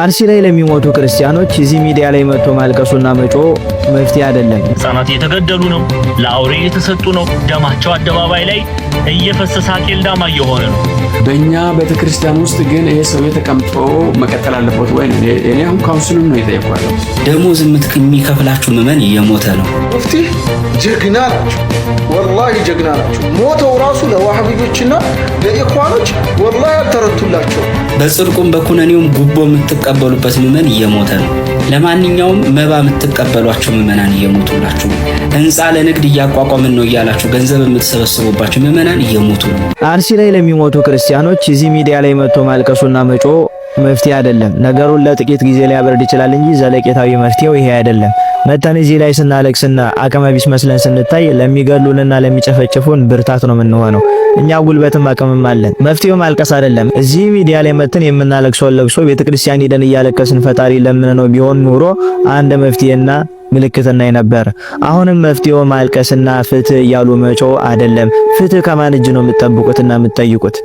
አርሲ ላይ ለሚሞቱ ክርስቲያኖች እዚህ ሚዲያ ላይ መጥቶ ማልቀሱና መጮ መፍትሄ አይደለም። ሕፃናት እየተገደሉ ነው፣ ለአውሬ እየተሰጡ ነው፣ ደማቸው አደባባይ ላይ እየፈሰሰ አኬልዳማ እየሆነ ነው። በእኛ ቤተ ክርስቲያን ውስጥ ግን ይሄ ሰውዬ ተቀምጦ መቀጠል አለበት ወይ? እኔ አሁን ካውንስሉን ነው የጠየኳለሁ። ደሞዝ የሚከፍላችሁ ምመን እየሞተ ነው። ሙፍቲ ጀግና ናቸው፣ ወላሂ ጀግና ናቸው። ሞተው ራሱ ለዋህብዮችና ለኢኳኖች ወላሂ አልተረቱላቸው። በጽድቁም በኩነኔውም ጉቦ የምትቀበሉበት ምመን እየሞተ ነው። ለማንኛውም መባ የምትቀበሏቸው ምዕመናን እየሞቱላችሁ፣ ህንፃ ለንግድ እያቋቋምን ነው እያላችሁ ገንዘብ የምትሰበስቡባቸው ምዕመናን እየሞቱ ነው። አርሲ ላይ ለሚሞቱ ክርስቲያኖች እዚህ ሚዲያ ላይ መጥቶ ማልቀሱና መጮ መፍትሄ አይደለም። ነገሩን ለጥቂት ጊዜ ሊያበርድ ይችላል እንጂ ዘለቄታዊ መፍትሄው ይሄ አይደለም። መተን እዚህ ላይ ስናለቅስና አቅመቢስ መስለን ስንታይ ለሚገሉንና ለሚጨፈጭፉን ብርታት ነው የምንሆነው። እኛ ጉልበትም አቅምም አለን። መፍትሄው ማልቀስ አይደለም። እዚህ ሚዲያ ላይ መተን የምናለቅሰውን ለቅሶ ቤተክርስቲያን ሄደን እያለቀስን ፈጣሪ ለምን ነው ቢሆን ኑሮ አንድ መፍትሄና ምልክትና የነበረ አሁንም መፍትሄው ማልቀስና ፍትህ እያሉ መጮህ አይደለም። ፍትህ ከማን እጅ ነው የምትጠብቁትና የምትጠይቁት?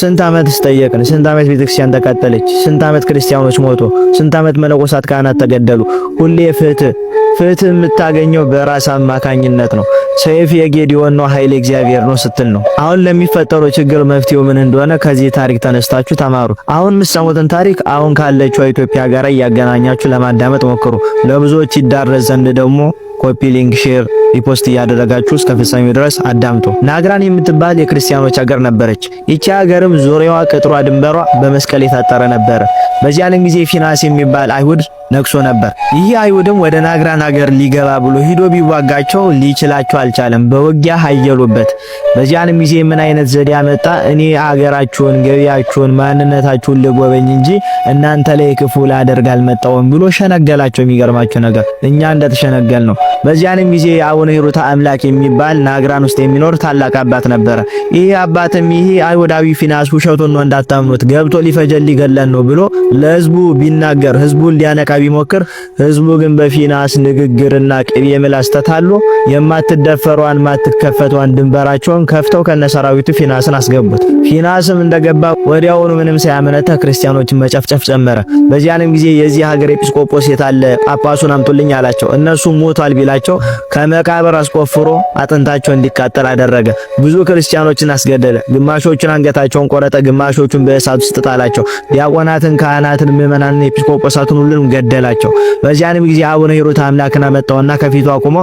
ስንት ዓመት ስጠየቅን፣ ስንት ዓመት ቤተክርስቲያን ተቃጠለች፣ ስንት ዓመት ክርስቲያኖች ሞቱ፣ ስንት ዓመት መነኮሳት ካህናት ተገደሉ። ሁሌ ፍትህ ፍትህ የምታገኘው በራስ አማካኝነት ነው። ሰይፍ የጌዲዮን ነው፣ ኃይል እግዚአብሔር ነው ስትል ነው። አሁን ለሚፈጠረው ችግር መፍትሄው ምን እንደሆነ ከዚህ ታሪክ ተነስታችሁ ተማሩ። አሁን የምትሰሙትን ታሪክ አሁን ካለችው ኢትዮጵያ ጋር እያገናኛችሁ ለማዳመጥ ሞክሩ። ለብዙዎች ይዳረስ ዘንድ ደግሞ ኮፒ፣ ሊንክ፣ ሼር፣ ሪፖስት እያደረጋችሁ እስከ ፍጻሜው ድረስ አዳምጡ። ናግራን የምትባል የክርስቲያኖች ሀገር ነበረች። ይቺ ሀገርም ዙሪያዋ ቅጥሯ ድንበሯ በመስቀል የታጠረ ነበር። በዚያን ጊዜ ፊናስ የሚባል አይሁድ ነግሶ ነበር። ይህ አይሁድም ወደ ናግራን አገር ሊገባ ብሎ ሂዶ ቢዋጋቸው ሊችላቸው አልቻለም። በውጊያ ሀየሉበት። በዚያንም ጊዜ ምን አይነት ዘዴ አመጣ? እኔ አገራችሁን፣ ገቢያችሁን፣ ማንነታችሁን ልጎበኝ እንጂ እናንተ ላይ ክፉ ላደርግ አልመጣሁም ብሎ ሸነገላቸው። የሚገርማቸው ነገር እኛ እንደተሸነገል ነው። በዚያንም ጊዜ አቡነ ሂሩታ አምላክ የሚባል ናግራን ውስጥ የሚኖር ታላቅ አባት ነበረ። ይህ አባትም ይህ አይሁዳዊ ፊናስ ውሸቱን ነው እንዳታምኑት፣ ገብቶ ሊፈጀል ሊገለን ነው ብሎ ለህዝቡ ቢናገር ህዝቡን ሊያነቃ ቢሞክር ህዝቡ ግን በፊናስ ንግግርና ቅቤ ምላስ ተታሎ የማትደፈሯን ማትከፈቷን ድንበራቸውን ከፍተው ከነሰራዊቱ ፊናስን አስገቡት። ፊናስም እንደገባ ወዲያውኑ ምንም ሳያመነታ ክርስቲያኖችን መጨፍጨፍ ጀመረ። በዚያንም ጊዜ የዚህ ሀገር ኤጲስቆጶስ የታለ ጳጳሱን አምጡልኝ አላቸው። እነሱ ሞቷል ቢላቸው ከመቃብር አስቆፍሮ አጥንታቸው እንዲቃጠል አደረገ። ብዙ ክርስቲያኖችን አስገደለ። ግማሾቹን አንገታቸውን ቆረጠ፣ ግማሾቹን በእሳት ውስጥ ጣላቸው። ዲያቆናትን፣ ካህናትን፣ ምዕመናንን፣ ኤጲስቆጶሳትን ሁሉንም ገደለ። ገደላቸው። በዚያንም ጊዜ አቡነ ሂሩት አምላክን አመጣውና ከፊቱ አቁሞ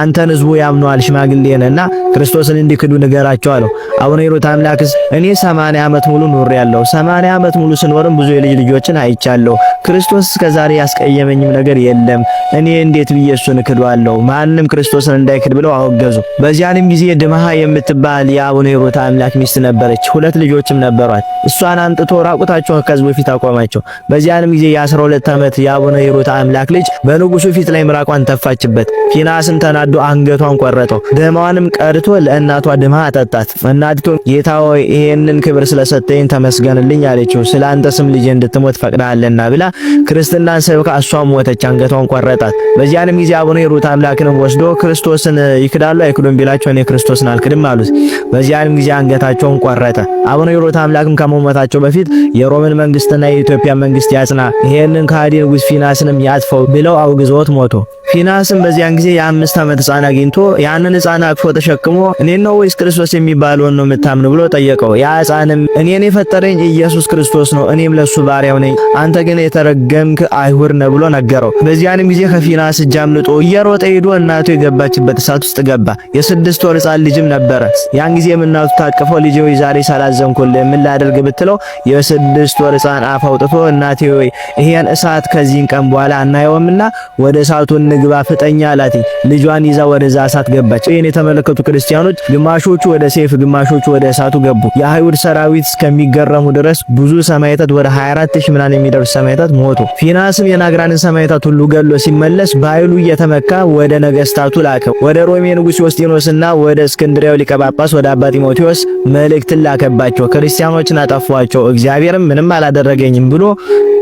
አንተን ህዝቡ ያምኗል ሽማግሌንና ክርስቶስን እንዲክዱ ንገራቸው አለው። አቡነ ሂሩት አምላክስ እኔ 80 ዓመት ሙሉ ኖሬያለሁ። 80 ዓመት ሙሉ ስኖርም ብዙ የልጅ ልጆችን አይቻለሁ ክርስቶስ እስከ ዛሬ ያስቀየመኝም ነገር የለም፣ እኔ እንዴት ብዬ እሱን እክዷለሁ? ማንም ክርስቶስን እንዳይክድ ብለው አወገዙ። በዚያንም ጊዜ ድምሃ የምትባል የአቡነ ሮታ አምላክ ሚስት ነበረች። ሁለት ልጆችም ነበሯት። እሷን አንጥቶ ራቁታቸውን ከሕዝቡ ፊት አቆማቸው። በዚያንም ጊዜ የ12 ዓመት የአቡነ ሮታ አምላክ ልጅ በንጉሱ ፊት ላይ ምራቋን ተፋችበት። ፊናስም ተናዶ አንገቷን ቆረጠው። ደማዋንም ቀድቶ ለእናቷ ድምሃ አጠጣት። እናቲቱ ጌታ ሆይ ይሄንን ክብር ስለሰጠኝ ተመስገንልኝ አለችው። ስለ አንተ ስም ልጄ እንድትሞት ፈቅደሃልና ብላ ክርስትናን ሰብካ እሷም ሞተች፣ አንገቷን ቆረጣት። በዚያንም ጊዜ አቡነ ሂሩት አምላክን ወስዶ ክርስቶስን ይክዳሉ አይክዱም ቢላቸው እኔ ክርስቶስን አልክድም አሉት። በዚያንም ጊዜ አንገታቸውን ቆረጠ። አቡነ ሂሩት አምላክም ከመሞታቸው በፊት የሮምን መንግስትና የኢትዮጵያ መንግስት ያጽና፣ ይሄንን ከሃዲ ንጉሥ ፊናስንም ያጥፈው ብለው አውግዞት ሞቶ ፊናስም በዚያን ጊዜ የአምስት ዓመት ሕፃን አግኝቶ ያንን ሕፃን አቅፎ ተሸክሞ እኔ ነው ወይስ ክርስቶስ የሚባለውን ነው የምታምን ብሎ ጠየቀው። ያ ሕፃንም እኔን የፈጠረኝ ኢየሱስ ክርስቶስ ነው፣ እኔም ለሱ ባሪያው ነኝ፣ አንተ ግን የተረገምክ አይሁር ነው ብሎ ነገረው። በዚያንም ጊዜ ከፊናስ እጅ አምልጦ እየሮጠ ሄዶ እናቱ የገባችበት እሳት ውስጥ ገባ። የስድስት ወር ሕፃን ልጅም ነበረ። ያን ጊዜም እናቱ ታቅፈው ልጅ ሆይ ዛሬ ሳላዘንኩልህ ምን ላደርግ ብትለው የስድስት ወር ሕፃን አፍ አውጥቶ እናቴ ሆይ ይሄን እሳት ከዚህን ቀን በኋላ አናየውምና ወደ እሳቱን ግባ ፍጠኛ አላት። ልጇን ይዛ ወደዛ እሳት ገባች። ይህን የተመለከቱ ክርስቲያኖች ግማሾቹ ወደ ሰይፍ፣ ግማሾቹ ወደ እሳቱ ገቡ። የአይሁድ ሰራዊት እስከሚገረሙ ድረስ ብዙ ሰማዕታት ወደ 24000 ምናን የሚደርስ የሚደርሱ ሰማዕታት ሞቱ። ፊናስም የናግራንን ሰማዕታት ሁሉ ገሎ ሲመለስ በኃይሉ እየተመካ ወደ ነገስታቱ ላከው ወደ ሮሜ ንጉስ ዮስጢኖስና ወደ እስክንድሪያው ሊቀ ጳጳስ ወደ አባ ጢሞቴዎስ መልእክትን ላከባቸው። ክርስቲያኖችን አጠፏቸው፣ እግዚአብሔርም ምንም አላደረገኝም ብሎ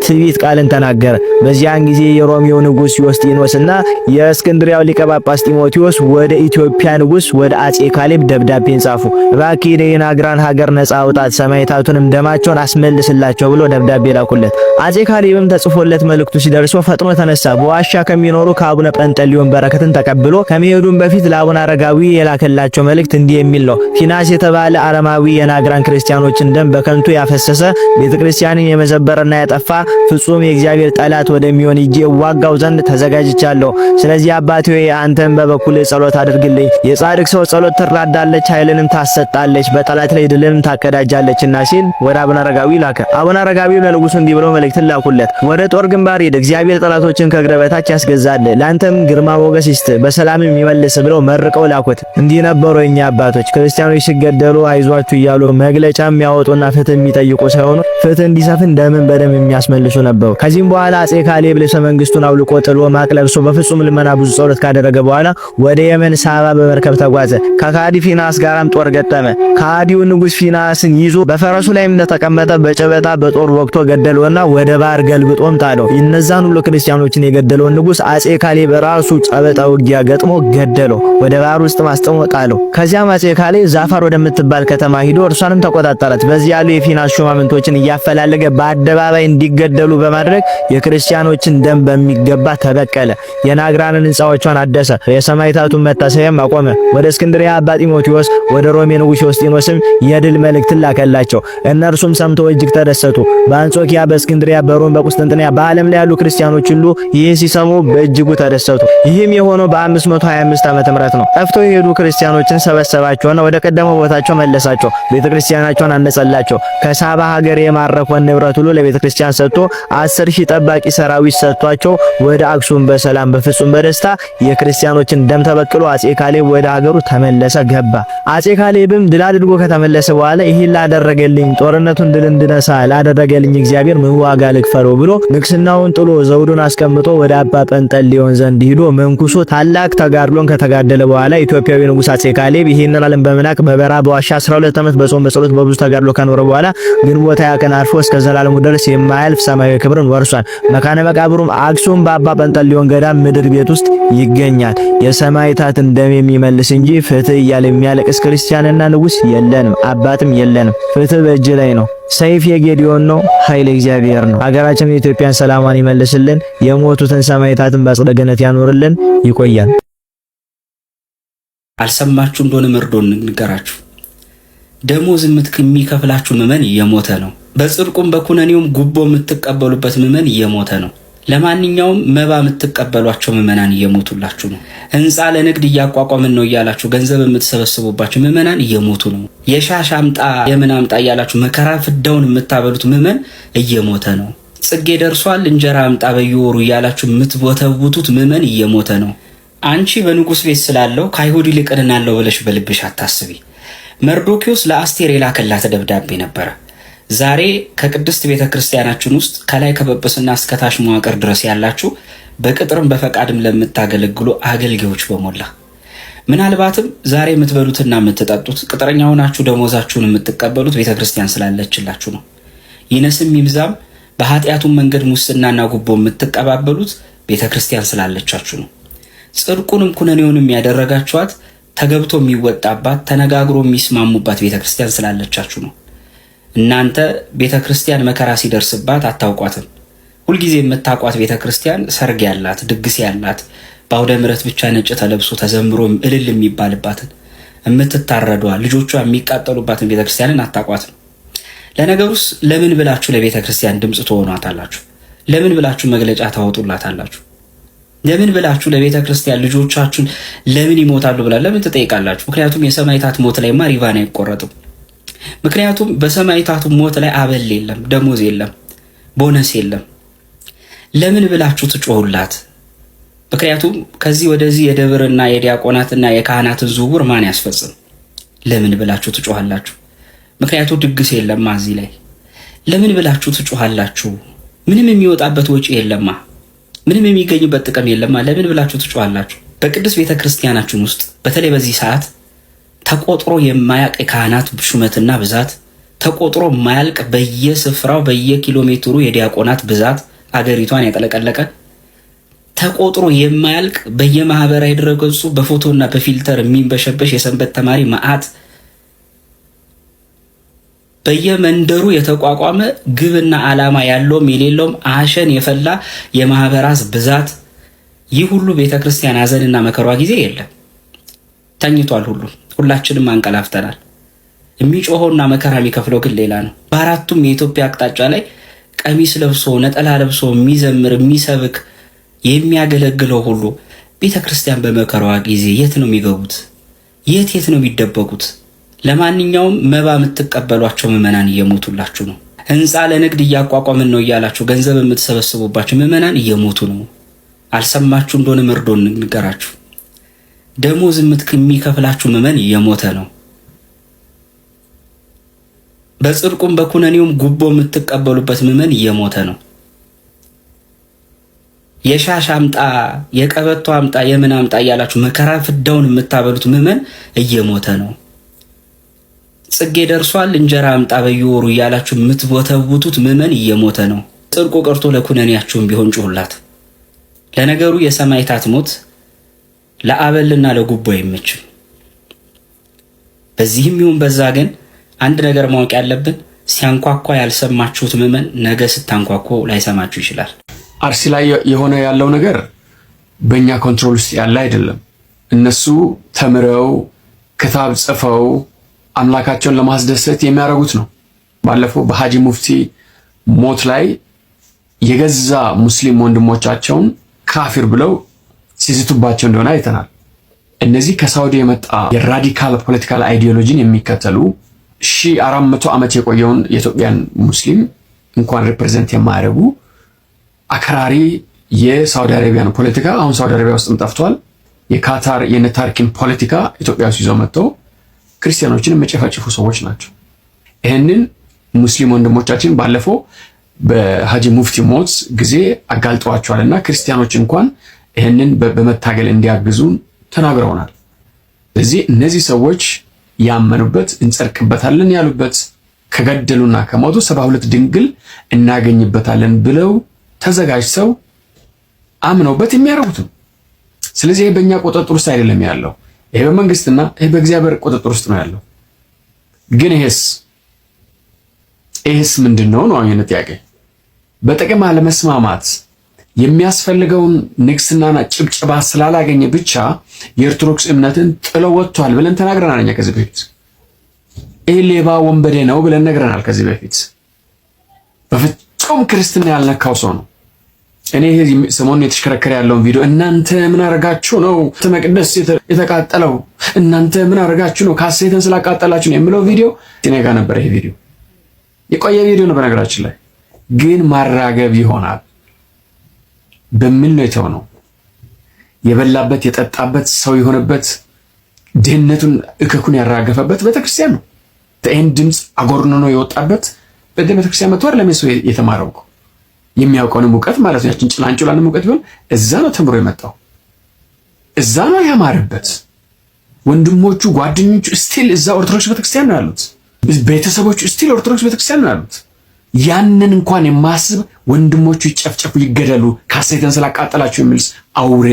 ትንቢት ቃልን ተናገረ። በዚያን ጊዜ የሮሚው ንጉስ ዮስጢኖስና የእስክንድሪያው ሊቀ ጳጳስ ጢሞቴዎስ ወደ ኢትዮጵያ ንጉስ ወደ አጼ ካሌብ ደብዳቤን ጻፉ። እባክህ የናግራን ሀገር ነጻ አውጣት፣ ሰማዕታቱንም ደማቸውን አስመልስላቸው ብሎ ደብዳቤ ላኩለት። አጼ ካሌብም ተጽፎለት መልእክቱ ሲደርሶ ፈጥኖ ተነሳ። በዋሻ ከሚኖሩ ከአቡነ ጰንጠሊዮን በረከትን ተቀብሎ ከመሄዱም በፊት ለአቡነ አረጋዊ የላከላቸው መልእክት እንዲህ የሚል ነው። ፊናስ የተባለ ዓለማዊ የናግራን ክርስቲያኖችን ደም በከንቱ ያፈሰሰ ቤተ ክርስቲያንን የመዘበረና ያጠፋ ፍጹም የእግዚአብሔር ጠላት ወደሚሆን እጄ ዋጋው ዘንድ ተዘጋጅቻለሁ። ስለዚህ አባቴ ሆይ አንተም በበኩል ጸሎት አድርግልኝ። የጻድቅ ሰው ጸሎት ትራዳለች፣ ኃይልንም ታሰጣለች፣ በጠላት ላይ ድልንም ታቀዳጃለችና ሲል ወደ አቡነ አረጋዊ ላከ። አቡነ አረጋዊ ለንጉሱ እንዲህ ብሎ መልእክትን ላኩለት። ወደ ጦር ግንባር ሂድ፣ እግዚአብሔር ጠላቶችን ከእግረ በታች ያስገዛል፣ ለአንተም ግርማ ሞገስ ይስጥ፣ በሰላም የሚመልስ ብለው መርቀው ላኩት። እንዲህ ነበሩ የኛ አባቶች ክርስቲያኖች ሲገደሉ አይዟችሁ እያሉ መግለጫ የሚያወጡና ፍትህ የሚጠይቁ ሳይሆኑ ፍትህ እንዲሰፍን ደምን በደም የሚያስመልሱ ነበሩ። ከዚህም በኋላ አጼ ካሌብ ልብሰ መንግስቱን አውልቆ ጥሎ ማቅ ለብሶ በፍጹም ልመና ብዙ ጸሎት ካደረገ በኋላ ወደ የመን ሳባ በመርከብ ተጓዘ። ከካዲ ፊናስ ጋራም ጦር ገጠመ። ካዲው ንጉስ ፊናስን ይዞ በፈረሱ ላይ እንደተቀመጠ በጨበጣ በጦር ወቅቶ ገደለውና ወደ ባህር ገልብጦም ታለው። እነዛን ሁሉ ክርስቲያኖችን የገደለውን ንጉስ አጼ ካሌብ ራሱ ጨበጣ ውጊያ ገጥሞ ገደለው። ወደ ባህር ውስጥ ማስጠሞ ጣለው። ከዚያም አጼ ካሌብ ዛፋር ወደምትባል ከተማ ሂዶ እርሷንም ተቆጣጠራት። በዚህ ያሉ የፊናንስ ሹማምንቶችን እያፈላለገ በአደባባይ እንዲገደሉ በማድረግ የክርስቲያኖችን ደም በሚገባ ተበቀለ። የናግራንን ሕንፃዎቿን አደሰ። የሰማዕታቱን መታሰቢያም አቆመ። ወደ እስክንድሪያ አባ ጢሞቴዎስ፣ ወደ ሮሜ ንጉሥ ዮስጢኖስም የድል መልእክትን ላከላቸው። እነርሱም ሰምተው እጅግ ተደሰቱ። በአንጾኪያ፣ በእስክንድሪያ፣ በሮም፣ በቁስጥንጥንያ በዓለም ላይ ያሉ ክርስቲያኖች ሁሉ ይህን ሲሰሙ በእጅጉ ተደሰቱ። ይህም የሆነው በ525 ዓመተ ምህረት ነው። ጠፍቶ የሄዱ ክርስቲያኖችን ሰበሰባቸውና ወደ ቀደመው ቦታቸው መለ መለሳቸው፣ ቤተ ክርስቲያናቸውን አነጸላቸው። ከሳባ ሀገር የማረኮን ንብረት ሁሉ ለቤተ ክርስቲያን ሰጥቶ አስር ሺህ ጠባቂ ሰራዊት ሰጥቷቸው ወደ አክሱም በሰላም በፍጹም በደስታ የክርስቲያኖችን ደም ተበቅሎ አጼ ካሌብ ወደ ሀገሩ ተመለሰ ገባ። አጼ ካሌብም ድል አድርጎ ከተመለሰ በኋላ ይህን ላደረገልኝ ጦርነቱን ድል እንድነሳ ላደረገልኝ እግዚአብሔር ምን ዋጋ ልክፈለው ብሎ ንግስናውን ጥሎ ዘውዱን አስቀምጦ ወደ አባ ጴንጠሌዎን ዘንድ ሂዶ መንኩሶ ታላቅ ተጋድሎን ከተጋደለ በኋላ ኢትዮጵያዊ ንጉስ አጼ ካሌብ ይህንን ዓለም በመናቅ በበራ በዋሻ 12 ዓመት በጾም በጸሎት በብዙ ተጋድሎ ካኖረ በኋላ ግንቦት ሃያ ቀን አርፎ እስከ ዘላለሙ ድረስ የማያልፍ ሰማያዊ ክብርን ወርሷል። መካነ መቃብሩም አክሱም በአባ ጰንጠሌዎን ገዳም ምድር ቤት ውስጥ ይገኛል። የሰማዕታትን ደም የሚመልስ እንጂ ፍትህ እያለ የሚያለቅስ ክርስቲያንና ንጉስ የለንም፣ አባትም የለንም። ፍትህ በእጅ ላይ ነው። ሰይፍ የጌዲዮን ነው። ኃይል እግዚአብሔር ነው። ሀገራችን የኢትዮጵያን ሰላሟን ይመልስልን። የሞቱትን ሰማዕታትን በአጸደ ገነት ያኖርልን። ይቆያል። አልሰማችሁ እንደሆነ መርዶን ንገራችሁ ደሞዝ የሚከፍላችሁ ምዕመን እየሞተ ነው። በጽድቁም በኩነኔውም ጉቦ የምትቀበሉበት ምዕመን እየሞተ ነው። ለማንኛውም መባ የምትቀበሏቸው ምዕመናን እየሞቱላችሁ ነው። ህንፃ ለንግድ እያቋቋምን ነው እያላችሁ ገንዘብ የምትሰበስቡባቸው ምዕመናን እየሞቱ ነው። የሻሽ አምጣ የምን አምጣ እያላችሁ መከራ ፍዳውን የምታበሉት ምዕመን እየሞተ ነው። ጽጌ ደርሷል እንጀራ አምጣ በየወሩ እያላችሁ የምትቦተቡቱት ምዕመን እየሞተ ነው። አንቺ በንጉሥ ቤት ስላለው ከአይሁድ ይልቅ እድናለሁ ብለሽ በልብሽ አታስቢ። መርዶኪዎስ ለአስቴር የላከላት ደብዳቤ ነበረ። ዛሬ ከቅድስት ቤተ ክርስቲያናችን ውስጥ ከላይ ከጵጵስና እስከታች መዋቅር ድረስ ያላችሁ በቅጥርም በፈቃድም ለምታገለግሉ አገልጋዮች በሞላ ምናልባትም ዛሬ የምትበሉትና የምትጠጡት ቅጥረኛ ሆናችሁ ደሞዛችሁን የምትቀበሉት ቤተ ክርስቲያን ስላለችላችሁ ነው። ይነስም ይብዛም በኃጢአቱን መንገድ ሙስናና ጉቦ የምትቀባበሉት ቤተ ክርስቲያን ስላለቻችሁ ነው። ጽድቁንም ኩነኔውንም ያደረጋችኋት ተገብቶ የሚወጣባት ተነጋግሮ የሚስማሙባት ቤተ ክርስቲያን ስላለቻችሁ ነው። እናንተ ቤተ ክርስቲያን መከራ ሲደርስባት አታውቋትም። ሁልጊዜ የምታውቋት ቤተ ክርስቲያን ሰርግ ያላት፣ ድግስ ያላት፣ በአውደ ምረት ብቻ ነጭ ተለብሶ ተዘምሮ እልል የሚባልባትን የምትታረዷ ልጆቿ የሚቃጠሉባትን ቤተ ክርስቲያንን አታውቋትም። ለነገሩስ ለምን ብላችሁ ለቤተ ክርስቲያን ድምፅ ትሆኗታላችሁ? ለምን ብላችሁ መግለጫ ታወጡላታላችሁ? ለምን ብላችሁ ለቤተ ክርስቲያን ልጆቻችሁን ለምን ይሞታሉ ብላ ለምን ትጠይቃላችሁ? ምክንያቱም የሰማይታት ሞት ላይማ ሪቫን አይቆረጥም። ምክንያቱም በሰማይታቱ ሞት ላይ አበል የለም፣ ደሞዝ የለም፣ ቦነስ የለም። ለምን ብላችሁ ትጮሁላት? ምክንያቱም ከዚህ ወደዚህ የደብርና የዲያቆናትና የካህናትን ዝውውር ማን ያስፈጽም? ለምን ብላችሁ ትጮኋላችሁ? ምክንያቱ ድግስ የለማ እዚህ ላይ ለምን ብላችሁ ትጮኋላችሁ? ምንም የሚወጣበት ወጪ የለማ ምንም የሚገኝበት ጥቅም የለም። ለምን ብላችሁ ትጮዋላችሁ? በቅዱስ ቤተ ክርስቲያናችን ውስጥ በተለይ በዚህ ሰዓት ተቆጥሮ የማያልቅ የካህናት ሹመትና ብዛት፣ ተቆጥሮ የማያልቅ በየስፍራው በየኪሎ ሜትሩ የዲያቆናት ብዛት አገሪቷን ያጠለቀለቀ ተቆጥሮ የማያልቅ በየማህበራዊ ድረገጹ በፎቶና በፊልተር የሚንበሸበሽ የሰንበት ተማሪ መዓት በየመንደሩ የተቋቋመ ግብና ዓላማ ያለውም የሌለውም አሸን የፈላ የማህበራስ ብዛት ይህ ሁሉ ቤተ ክርስቲያን ሐዘንና መከሯ ጊዜ የለም። ተኝቷል። ሁሉም ሁላችንም አንቀላፍተናል። የሚጮኸውና መከራ የሚከፍለው ግን ሌላ ነው። በአራቱም የኢትዮጵያ አቅጣጫ ላይ ቀሚስ ለብሶ ነጠላ ለብሶ የሚዘምር የሚሰብክ የሚያገለግለው ሁሉ ቤተ ክርስቲያን በመከራዋ ጊዜ የት ነው የሚገቡት? የት የት ነው የሚደበቁት? ለማንኛውም መባ የምትቀበሏቸው ምዕመናን እየሞቱላችሁ ነው። ህንፃ ለንግድ እያቋቋምን ነው እያላችሁ ገንዘብ የምትሰበስቡባቸው ምዕመናን እየሞቱ ነው። አልሰማችሁ እንደሆነ መርዶ እንገራችሁ። ደሞዝ የሚከፍላችሁ ምዕመን እየሞተ ነው። በጽድቁም በኩነኔውም ጉቦ የምትቀበሉበት ምዕመን እየሞተ ነው። የሻሽ አምጣ፣ የቀበቶ አምጣ፣ የምን አምጣ እያላችሁ መከራ ፍዳውን የምታበሉት ምዕመን እየሞተ ነው። ጽጌ ደርሷል እንጀራ አምጣ በየወሩ እያላችሁ የምትቦተቡቱት ምዕመን እየሞተ ነው። ጽድቁ ቀርቶ ለኩነኔያችሁም ቢሆን ጩሁላት። ለነገሩ የሰማይታት ሞት ለአበልና ለጉቦ አይመችም። በዚህም ይሁን በዛ ግን አንድ ነገር ማወቅ ያለብን ሲያንኳኳ ያልሰማችሁት ምዕመን ነገ ስታንኳኮ ላይሰማችሁ ይችላል። አርሲ ላይ የሆነ ያለው ነገር በእኛ ኮንትሮል ውስጥ ያለ አይደለም። እነሱ ተምረው ክታብ ጽፈው አምላካቸውን ለማስደሰት የሚያደርጉት ነው። ባለፈው በሀጂ ሙፍቲ ሞት ላይ የገዛ ሙስሊም ወንድሞቻቸውን ካፊር ብለው ሲዝቱባቸው እንደሆነ አይተናል። እነዚህ ከሳውዲ የመጣ የራዲካል ፖለቲካል አይዲዮሎጂን የሚከተሉ ሺ አራት መቶ ዓመት የቆየውን የኢትዮጵያን ሙስሊም እንኳን ሪፕሬዘንት የማያደርጉ አክራሪ የሳውዲ አረቢያን ፖለቲካ አሁን ሳውዲ አረቢያ ውስጥም ጠፍቷል። የካታር የነታርኪን ፖለቲካ ኢትዮጵያ ውስጥ ይዘው መጥተው ክርስቲያኖችን የሚጨፈጭፉ ሰዎች ናቸው። ይህንን ሙስሊም ወንድሞቻችን ባለፈው በሀጂ ሙፍቲ ሞት ጊዜ አጋልጠዋቸዋል እና ክርስቲያኖች እንኳን ይህንን በመታገል እንዲያግዙ ተናግረውናል። ስለዚህ እነዚህ ሰዎች ያመኑበት እንጸድቅበታለን ያሉበት ከገደሉና ከሞቱ ሰባ ሁለት ድንግል እናገኝበታለን ብለው ተዘጋጅተው አምነውበት የሚያደርጉት ነው። ስለዚህ በእኛ ቁጥጥር ውስጥ አይደለም ያለው። ይሄ በመንግስትና ይሄ በእግዚአብሔር ቁጥጥር ውስጥ ነው ያለው። ግን ይሄስ ይሄስ ምንድን ነው ነው የኔ ጥያቄ። በጥቅም አለመስማማት የሚያስፈልገውን ንግስናና ጭብጭባ ስላላገኘ ብቻ የኦርቶዶክስ እምነትን ጥለው ወጥቷል ብለን ተናግረናል እኛ ከዚህ በፊት። ይሄ ሌባ ወንበዴ ነው ብለን ነግረናል ከዚህ በፊት። በፍጹም ክርስትና ያልነካው ሰው ነው። እኔ ሰሞኑን የተሽከረከረ ያለውን ቪዲዮ እናንተ ምን አረጋችሁ ነው መቅደስ የተቃጠለው? እናንተ ምን አረጋችሁ ነው ካሴትን ስላቃጠላችሁ ነው የምለው ቪዲዮ እኔ ነበር። ይሄ ቪዲዮ የቆየ ቪዲዮ ነው በነገራችን ላይ ግን ማራገብ ይሆናል በሚል ነው የተሆነው። የበላበት የጠጣበት ሰው የሆነበት ድህነቱን እከኩን ያራገፈበት ቤተክርስቲያን ነው። ይህን ድምፅ ነው የወጣበት በቤተክርስቲያን መጥቶ ለሜሶ የተማረው የሚያውቀውን እውቀት ማለት ነው። ያችን ጭላንጭላንም እውቀት ቢሆን እዛ ነው ተምሮ የመጣው እዛ ነው ያማረበት። ወንድሞቹ፣ ጓደኞቹ ስቲል እዛ ኦርቶዶክስ ቤተክርስቲያን ነው ያሉት። ቤተሰቦቹ ስቲል ኦርቶዶክስ ቤተክርስቲያን ነው ያሉት። ያንን እንኳን የማስብ ወንድሞቹ ይጨፍጨፉ፣ ይገደሉ ካሴቴን ስላቃጠላችሁ የሚልስ አውሬ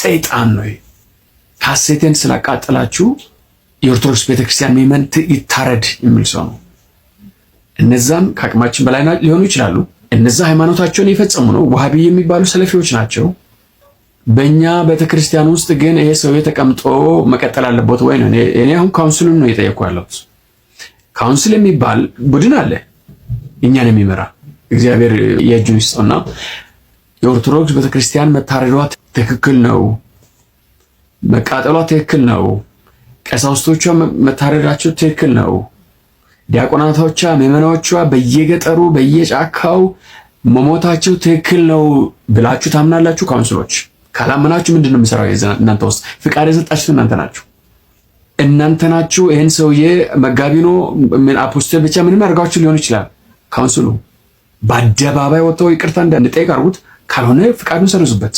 ሰይጣን ነው። ካሴቴን ስላቃጠላችሁ የኦርቶዶክስ ቤተክርስቲያን ምእመን ይታረድ የሚል ሰው ነው። እነዛም ከአቅማችን በላይ ሊሆኑ ይችላሉ። እነዛ ሃይማኖታቸውን የፈጸሙ ነው፣ ዋሃቢ የሚባሉ ሰለፊዎች ናቸው። በእኛ ቤተክርስቲያን ውስጥ ግን ይሄ ሰውዬ ተቀምጦ መቀጠል አለበት ወይ ነው። እኔ አሁን ካውንስሉን ነው እየጠየኩ ያለሁት። ካውንስል የሚባል ቡድን አለ፣ እኛን የሚመራ እግዚአብሔር የእጁን ይስጠውና የኦርቶዶክስ ቤተክርስቲያን መታረዷ ትክክል ነው፣ መቃጠሏ ትክክል ነው፣ ቀሳውስቶቿ መታረዳቸው ትክክል ነው ዲያቆናቶቿ፣ ምዕመናኖቿ በየገጠሩ በየጫካው መሞታችሁ ትክክል ነው ብላችሁ ታምናላችሁ? ካውንስሎች ካላመናችሁ ምንድን ነው የምሰራው? እናንተ ውስጥ ፍቃድ የሰጣችሁት እናንተ ናችሁ። እናንተ ናችሁ። ይህን ሰውዬ መጋቢ ነው አፖስቶል ብቻ ምንም ያደርጋችሁ ሊሆን ይችላል። ካውንስሉ በአደባባይ ወጥተው ይቅርታ እንድጠይቅ አድርጉት። ካልሆነ ፍቃዱን ሰርዙበት።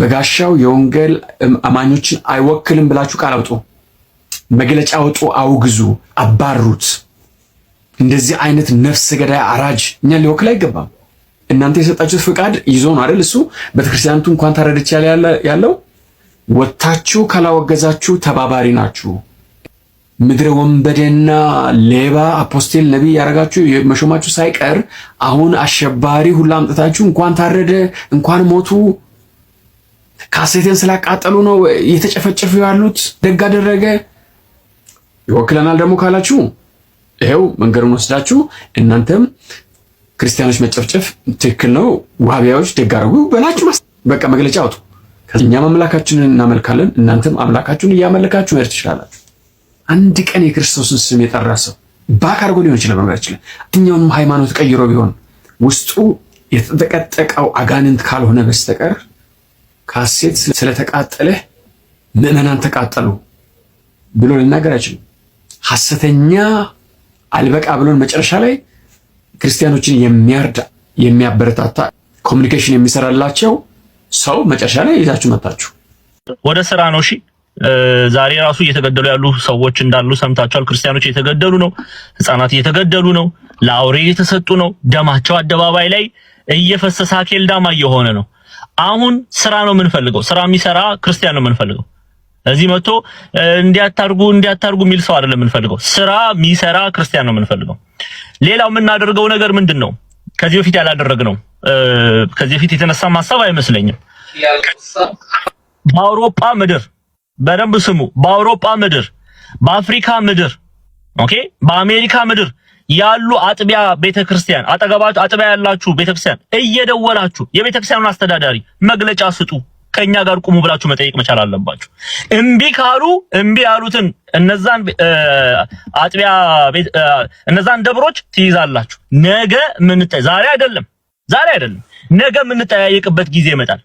በጋሻው የወንጌል አማኞችን አይወክልም ብላችሁ ቃል አውጡ። መግለጫ ወጡ፣ አውግዙ፣ አባሩት። እንደዚህ አይነት ነፍስ ገዳይ አራጅ እኛ ሊወክል አይገባም። እናንተ የሰጣችሁት ፍቃድ ይዞ ነው አይደል? እሱ ቤተክርስቲያንቱ እንኳን ታረደች ያለው ወታችሁ ካላወገዛችሁ ተባባሪ ናችሁ። ምድረ ወንበዴና ሌባ አፖስቴል ነቢይ ያደረጋችሁ መሾማችሁ ሳይቀር አሁን አሸባሪ ሁላ አምጥታችሁ እንኳን ታረደ እንኳን ሞቱ ካሴቴን ስላቃጠሉ ነው እየተጨፈጨፉ ያሉት። ደግ አደረገ። ይወክለናል ደግሞ ካላችሁ ይኸው መንገዱን ወስዳችሁ እናንተም ክርስቲያኖች መጨፍጨፍ ትክክል ነው፣ ውሃቢያዎች ደግ አደረጉ በላችሁ በቃ መግለጫ አውጡ። እኛም አምላካችንን እናመልካለን፣ እናንተም አምላካችሁን እያመለካችሁ መሄድ ትችላላችሁ። አንድ ቀን የክርስቶስን ስም የጠራ ሰው ባክ አድርጎ ሊሆን ይችላል መምሪያ ይችላል። የትኛውንም ሃይማኖት ቀይሮ ቢሆን ውስጡ የተጠቀጠቀው አጋንንት ካልሆነ በስተቀር ካሴት ስለተቃጠለ ምዕመናን ተቃጠሉ ብሎ ልናገር አይችልም። ሐሰተኛ አልበቃ ብሎን መጨረሻ ላይ ክርስቲያኖችን የሚያርዳ የሚያበረታታ ኮሚኒኬሽን የሚሰራላቸው ሰው መጨረሻ ላይ ይዛችሁ መጣችሁ ወደ ስራ ነው። እሺ ዛሬ ራሱ እየተገደሉ ያሉ ሰዎች እንዳሉ ሰምታችኋል። ክርስቲያኖች እየተገደሉ ነው፣ ህፃናት እየተገደሉ ነው፣ ለአውሬ እየተሰጡ ነው፣ ደማቸው አደባባይ ላይ እየፈሰሰ አኬልዳማ እየሆነ ነው። አሁን ስራ ነው የምንፈልገው። ስራ የሚሰራ ክርስቲያን ነው የምንፈልገው። እዚህ መጥቶ እንዲያታርጉ እንዲያታርጉ የሚል ሰው አይደለም የምንፈልገው። ስራ የሚሰራ ክርስቲያን ነው የምንፈልገው። ሌላው የምናደርገው ነገር ምንድን ነው? ከዚህ በፊት ያላደረግነው ከዚህ በፊት የተነሳም ማሰብ አይመስለኝም። በአውሮፓ ምድር በደንብ ስሙ። በአውሮፓ ምድር፣ በአፍሪካ ምድር፣ ኦኬ፣ በአሜሪካ ምድር ያሉ አጥቢያ ቤተክርስቲያን አጠገባችሁ አጥቢያ ያላችሁ ቤተክርስቲያን እየደወላችሁ የቤተክርስቲያኑን አስተዳዳሪ መግለጫ ስጡ። ከኛ ጋር ቁሙ ብላችሁ መጠየቅ መቻል አለባችሁ። እምቢ ካሉ እምቢ ያሉትን እነዛን አጥቢያ እነዛን ደብሮች ትይዛላችሁ። ነገ ምን ዛሬ አይደለም ዛሬ አይደለም ነገ የምንጠያየቅበት ጊዜ ይመጣል።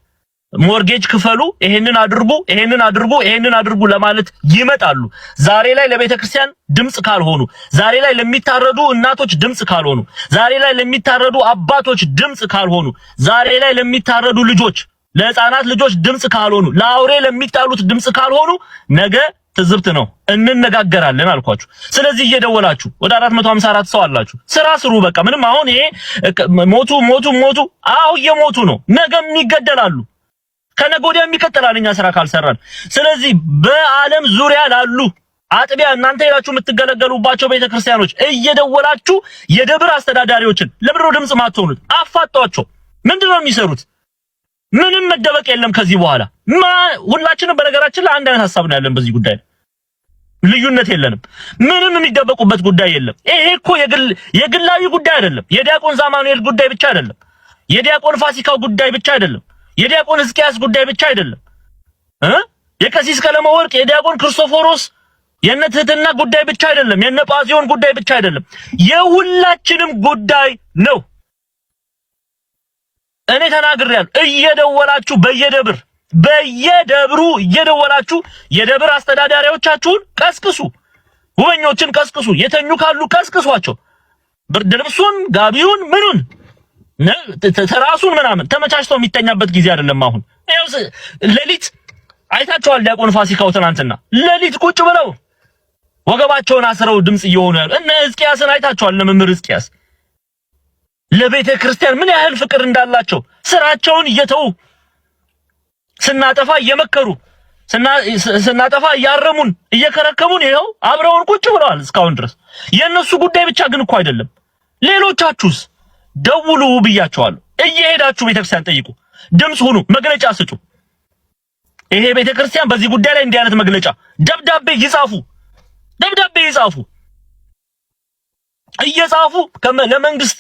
ሞርጌጅ ክፈሉ፣ ይሄንን አድርጉ፣ ይሄንን አድርጉ፣ ይሄንን አድርጉ ለማለት ይመጣሉ። ዛሬ ላይ ለቤተ ክርስቲያን ድምጽ ካልሆኑ፣ ዛሬ ላይ ለሚታረዱ እናቶች ድምጽ ካልሆኑ፣ ዛሬ ላይ ለሚታረዱ አባቶች ድምጽ ካልሆኑ፣ ዛሬ ላይ ለሚታረዱ ልጆች ለህፃናት ልጆች ድምፅ ካልሆኑ ለአውሬ ለሚጣሉት ድምፅ ካልሆኑ ነገ ትዝብት ነው፣ እንነጋገራለን አልኳችሁ። ስለዚህ እየደወላችሁ ወደ 454 ሰው አላችሁ፣ ስራ ስሩ። በቃ ምንም አሁን ይሄ ሞቱ ሞቱ ሞቱ፣ አዎ እየሞቱ ነው፣ ነገም ይገደላሉ፣ ከነገ ወዲያም ይቀጥላል፣ እኛ ስራ ካልሰራን። ስለዚህ በዓለም ዙሪያ ላሉ አጥቢያ እናንተ ሄዳችሁ የምትገለገሉባቸው ቤተክርስቲያኖች እየደወላችሁ የደብር አስተዳዳሪዎችን ለምድሮ ድምፅ ማትሆኑት አፋጧቸው። ምንድነው የሚሰሩት? ምንም መደበቅ የለም ከዚህ በኋላ ሁላችንም በነገራችን ላይ አንድ አይነት ሀሳብ ነው ያለን በዚህ ጉዳይ ልዩነት የለንም። ምንም የሚደበቁበት ጉዳይ የለም። ይሄ እኮ የግላዊ ጉዳይ አይደለም። የዲያቆን ዛማኑኤል ጉዳይ ብቻ አይደለም። የዲያቆን ፋሲካው ጉዳይ ብቻ አይደለም። የዲያቆን ህዝቅያስ ጉዳይ ብቻ አይደለም እ የቀሲስ ቀለመ ወርቅ የዲያቆን ክርስቶፎሮስ የነ ትህትና ጉዳይ ብቻ አይደለም። የነ ጳዚዮን ጉዳይ ብቻ አይደለም። የሁላችንም ጉዳይ ነው። እኔ ተናግሬያለሁ። እየደወላችሁ በየደብር በየደብሩ እየደወላችሁ የደብር አስተዳዳሪዎቻችሁን ቀስቅሱ፣ ጉበኞችን ቀስቅሱ፣ የተኙ ካሉ ቀስቅሷቸው። ብርድ ልብሱን፣ ጋቢውን፣ ምኑን፣ ተራሱን ምናምን ተመቻችተው የሚተኛበት ጊዜ አይደለም። አሁን ሌሊት አይታቸዋል። ዲያቆን ፋሲካው ትናንትና ሌሊት ቁጭ ብለው ወገባቸውን አስረው ድምጽ እየሆኑ ያሉ እነ ሕዝቅያስን አይታቸዋል። መምህር ሕዝቅያስ ለቤተ ክርስቲያን ምን ያህል ፍቅር እንዳላቸው ስራቸውን እየተው ስናጠፋ እየመከሩ ስናጠፋ እያረሙን እየከረከሙን ይኸው አብረውን ቁጭ ብለዋል እስካሁን ድረስ። የእነሱ ጉዳይ ብቻ ግን እኮ አይደለም። ሌሎቻችሁስ ደውሉ ብያቸዋለሁ። እየሄዳችሁ ቤተክርስቲያን ጠይቁ፣ ድምፅ ሁኑ፣ መግለጫ ስጡ። ይሄ ቤተክርስቲያን በዚህ ጉዳይ ላይ እንዲህ አይነት መግለጫ ደብዳቤ ይጻፉ፣ ደብዳቤ ይጻፉ፣ እየጻፉ ለመንግስት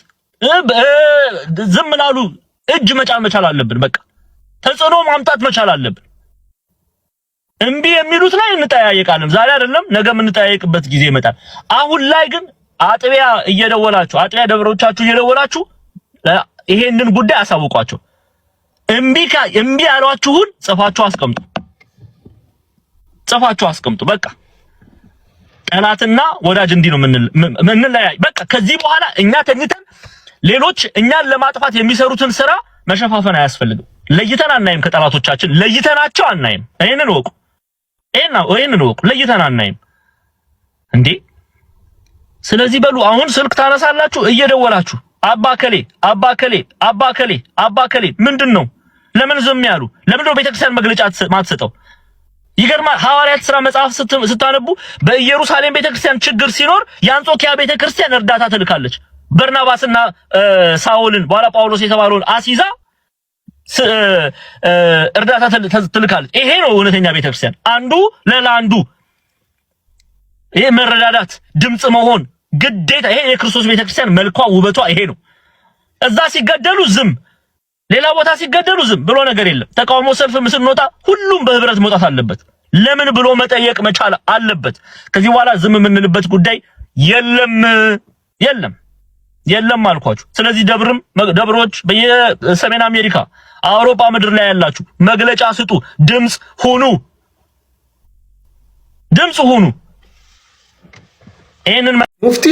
ዝም ላሉ እጅ መጫን መቻል አለብን። በቃ ተጽዕኖ ማምጣት መቻል አለብን። እምቢ የሚሉት ላይ እንጠያየቃለን። ዛሬ አይደለም ነገ የምንጠያየቅበት ጊዜ ይመጣል። አሁን ላይ ግን አጥቢያ እየደወላችሁ አጥቢያ ደብሮቻችሁ እየደወላችሁ ይሄንን ጉዳይ አሳውቋቸው። እምቢ ካ እምቢ ያሏችሁን ጽፋችሁ አስቀምጡ፣ ጽፋችሁ አስቀምጡ። በቃ ጠላትና ወዳጅ እንዲህ ነው ላይ በቃ ከዚህ በኋላ እኛ ተኝተን ሌሎች እኛን ለማጥፋት የሚሰሩትን ስራ መሸፋፈን አያስፈልግም። ለይተን አናይም፣ ከጠላቶቻችን ለይተናቸው አናይም። ይህንን ወቁ፣ ይህንን ወቁ። ለይተን አናይም እንዴ። ስለዚህ በሉ አሁን ስልክ ታነሳላችሁ፣ እየደወላችሁ አባከሌ አባከሌ አባከሌ አባከሌ ምንድን ነው? ለምን ዝም ያሉ? ለምን ነው ቤተክርስቲያን መግለጫ ማትሰጠው? ይገርማል። ሐዋርያት ሥራ መጽሐፍ ስታነቡ በኢየሩሳሌም ቤተክርስቲያን ችግር ሲኖር የአንጾኪያ ቤተክርስቲያን እርዳታ ትልካለች። በርናባስና ሳውልን በኋላ ጳውሎስ የተባለውን አሲዛ እርዳታ ትልካለች። ይሄ ነው እውነተኛ ቤተክርስቲያን፣ አንዱ ለላንዱ ይሄ መረዳዳት፣ ድምፅ መሆን ግዴታ። ይሄ የክርስቶስ ቤተክርስቲያን መልኳ፣ ውበቷ ይሄ ነው። እዛ ሲገደሉ ዝም፣ ሌላ ቦታ ሲገደሉ ዝም ብሎ ነገር የለም። ተቃውሞ ሰልፍ ስንወጣ ሁሉም በህብረት መውጣት አለበት። ለምን ብሎ መጠየቅ መቻል አለበት። ከዚህ በኋላ ዝም የምንልበት ጉዳይ የለም የለም። የለም አልኳችሁ። ስለዚህ ደብርም ደብሮች በየሰሜን አሜሪካ አውሮፓ ምድር ላይ ያላችሁ መግለጫ ስጡ፣ ድምፅ ሁኑ፣ ድምፅ ሁኑ። ይህንን ሙፍቲ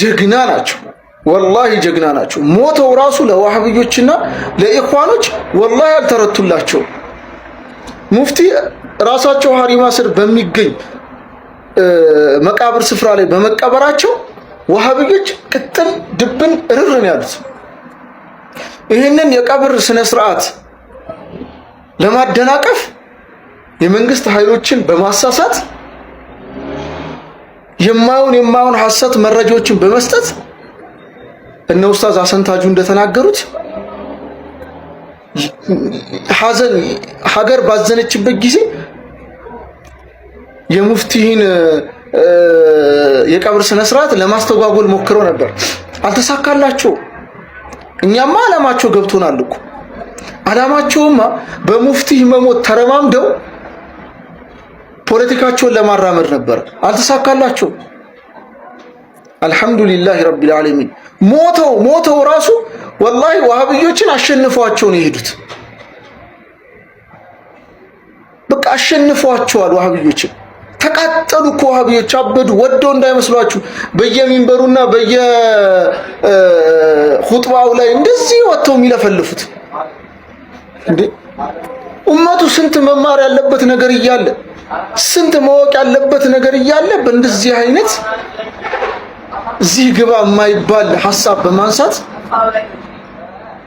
ጀግና ናቸው፣ ወላሂ ጀግና ናቸው። ሞተው ራሱ ለዋህብዮችና ለኢኳኖች ወላሂ አልተረቱላቸው። ሙፍቲ ራሳቸው ሀሪማ ስር በሚገኝ መቃብር ስፍራ ላይ በመቀበራቸው ወሃብዮች ቅጥል ድብን እርርን ያሉት። ይህንን የቀብር ስነ ስርዓት ለማደናቀፍ የመንግስት ኃይሎችን በማሳሳት የማዩን የማዩን ሐሰት መረጃዎችን በመስጠት እነ ኡስታዝ አሰንታጁ እንደተናገሩት ሐዘን ሀገር ባዘነችበት ጊዜ የሙፍቲህን የቀብር ስነስርዓት ለማስተጓጎል ሞክረው ነበር፣ አልተሳካላቸው። እኛማ አላማቸው ገብቶናል እኮ አላማቸውማ በሙፍቲህ መሞት ተረማምደው ፖለቲካቸውን ለማራመድ ነበር፣ አልተሳካላቸው። አልሐምዱሊላህ ረቢል ዓለሚን ሞተው ሞተው ራሱ ወላሂ ዋሃብዮችን አሸንፈዋቸው ነው የሄዱት። በቃ አሸንፈዋቸዋል ዋሃብዮችን። ተቃጠሉ እኮ ወሃቢዎች አበዱ። ወደው እንዳይመስሏችሁ በየሚንበሩና በየኹጥባው ላይ እንደዚህ ወጥተው የሚለፈልፉት እንዴ! ኡመቱ ስንት መማር ያለበት ነገር እያለ ስንት ማወቅ ያለበት ነገር እያለ በእንደዚህ አይነት እዚህ ግባ የማይባል ሐሳብ በማንሳት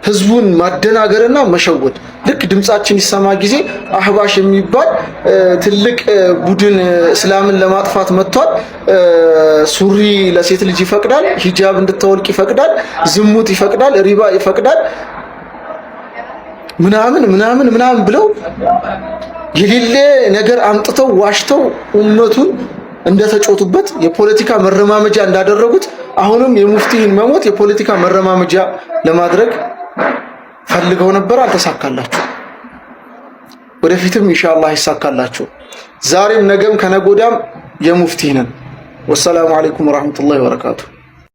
ህዝቡን ማደናገርና መሸወድ ድምጻችን ይሰማ ጊዜ አህባሽ የሚባል ትልቅ ቡድን እስላምን ለማጥፋት መጥቷል። ሱሪ ለሴት ልጅ ይፈቅዳል፣ ሂጃብ እንድታወልቅ ይፈቅዳል፣ ዝሙት ይፈቅዳል፣ ሪባ ይፈቅዳል፣ ምናምን ምናምን ምናምን ብለው የሌለ ነገር አምጥተው ዋሽተው ኡመቱን እንደተጮቱበት የፖለቲካ መረማመጃ እንዳደረጉት አሁንም የሙፍቲን መሞት የፖለቲካ መረማመጃ ለማድረግ ፈልገው ነበር። አልተሳካላቸው። ወደፊትም ኢንሻአላህ ይሳካላችሁ። ዛሬም ነገም ከነጎዳም የሙፍቲ ነን። ወሰላሙ አለይኩም ወራህመቱላሂ ወበረካቱሁ።